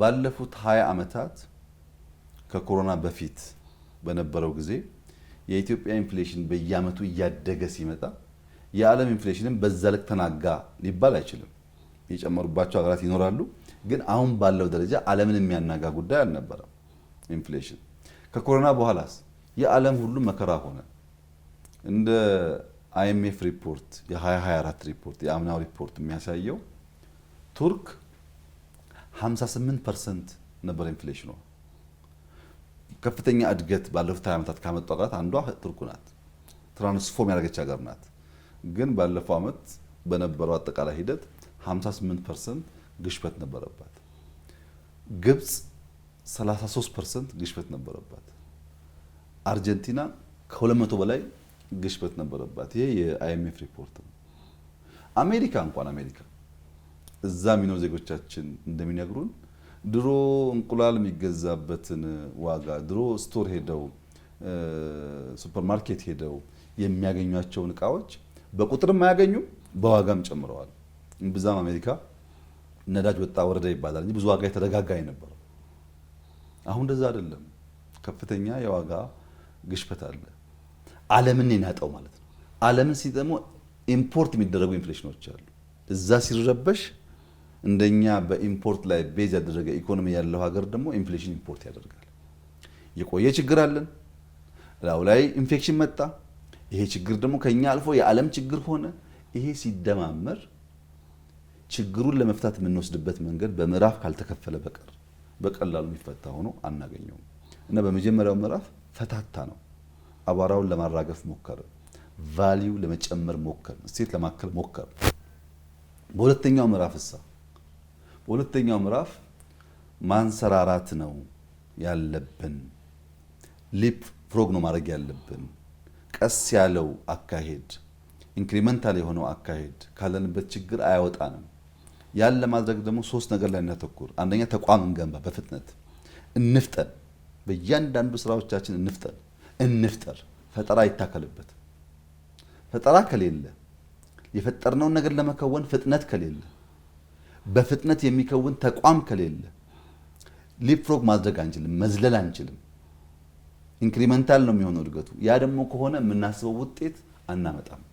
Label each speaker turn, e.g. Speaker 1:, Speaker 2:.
Speaker 1: ባለፉት 20 ዓመታት ከኮሮና በፊት በነበረው ጊዜ የኢትዮጵያ ኢንፍሌሽን በየዓመቱ እያደገ ሲመጣ የዓለም ኢንፍሌሽንም በዛ ልክ ተናጋ ሊባል አይችልም። የጨመሩባቸው ሀገራት ይኖራሉ፣ ግን አሁን ባለው ደረጃ ዓለምን የሚያናጋ ጉዳይ አልነበረም። ኢንፍሌሽን ከኮሮና በኋላስ የዓለም ሁሉ መከራ ሆነ። እንደ አይኤምኤፍ ሪፖርት የ2024 ሪፖርት የአምናው ሪፖርት የሚያሳየው ቱርክ 58 ፐርሰንት ነበር ኢንፍሌሽኑ። ከፍተኛ እድገት ባለፉት 20 ዓመታት ካመጡ ሀገራት አንዷ ቱርክ ናት። ትራንስፎርም ያደረገች ሀገር ናት። ግን ባለፈው ዓመት በነበረው አጠቃላይ ሂደት 58 ፐርሰንት ግሽበት ነበረባት። ግብፅ 33 ፐርሰንት ግሽበት ነበረባት። አርጀንቲና ከ200 በላይ ግሽበት ነበረባት። ይሄ የአይኤምኤፍ ሪፖርት ነው። አሜሪካ እንኳን አሜሪካ እዛ የሚኖሩ ዜጎቻችን እንደሚነግሩን ድሮ እንቁላል የሚገዛበትን ዋጋ ድሮ ስቶር ሄደው ሱፐርማርኬት ሄደው የሚያገኟቸውን እቃዎች በቁጥርም አያገኙም፣ በዋጋም ጨምረዋል። ብዛም አሜሪካ ነዳጅ ወጣ ወረደ ይባላል እንጂ ብዙ ዋጋ የተረጋጋ የነበረው አሁን እንደዛ አይደለም። ከፍተኛ የዋጋ ግሽበት አለ። ዓለምን የናጠው ማለት ነው። ዓለምን ሲጠሞ ኢምፖርት የሚደረጉ ኢንፍሌሽኖች አሉ። እዛ ሲረበሽ እንደኛ በኢምፖርት ላይ ቤዝ ያደረገ ኢኮኖሚ ያለው ሀገር ደግሞ ኢንፍሌሽን ኢምፖርት ያደርጋል። የቆየ ችግር አለን። እላው ላይ ኢንፌክሽን መጣ። ይሄ ችግር ደግሞ ከኛ አልፎ የዓለም ችግር ሆነ። ይሄ ሲደማመር ችግሩን ለመፍታት የምንወስድበት መንገድ በምዕራፍ ካልተከፈለ በቀር በቀላሉ የሚፈታ ሆኖ አናገኘውም እና በመጀመሪያው ምዕራፍ ፈታታ ነው። አቧራውን ለማራገፍ ሞከር፣ ቫሊዩ ለመጨመር ሞከር፣ እሴት ለማከል ሞከር። በሁለተኛው ምዕራፍ እሳ በሁለተኛው ምዕራፍ ማንሰራራት ነው ያለብን። ሊፕ ፍሮግ ነው ማድረግ ያለብን። ቀስ ያለው አካሄድ፣ ኢንክሪመንታል የሆነው አካሄድ ካለንበት ችግር አያወጣንም። ያን ለማድረግ ደግሞ ሶስት ነገር ላይ እናተኩር። አንደኛ ተቋም እንገንባ፣ በፍጥነት እንፍጠን። በእያንዳንዱ ስራዎቻችን እንፍጠን፣ እንፍጠር። ፈጠራ ይታከልበት። ፈጠራ ከሌለ የፈጠርነውን ነገር ለመከወን ፍጥነት ከሌለ በፍጥነት የሚከውን ተቋም ከሌለ ሊፕፍሮግ ማድረግ አንችልም፣ መዝለል አንችልም። ኢንክሪመንታል ነው የሚሆነው እድገቱ። ያ ደግሞ ከሆነ የምናስበው ውጤት አናመጣም።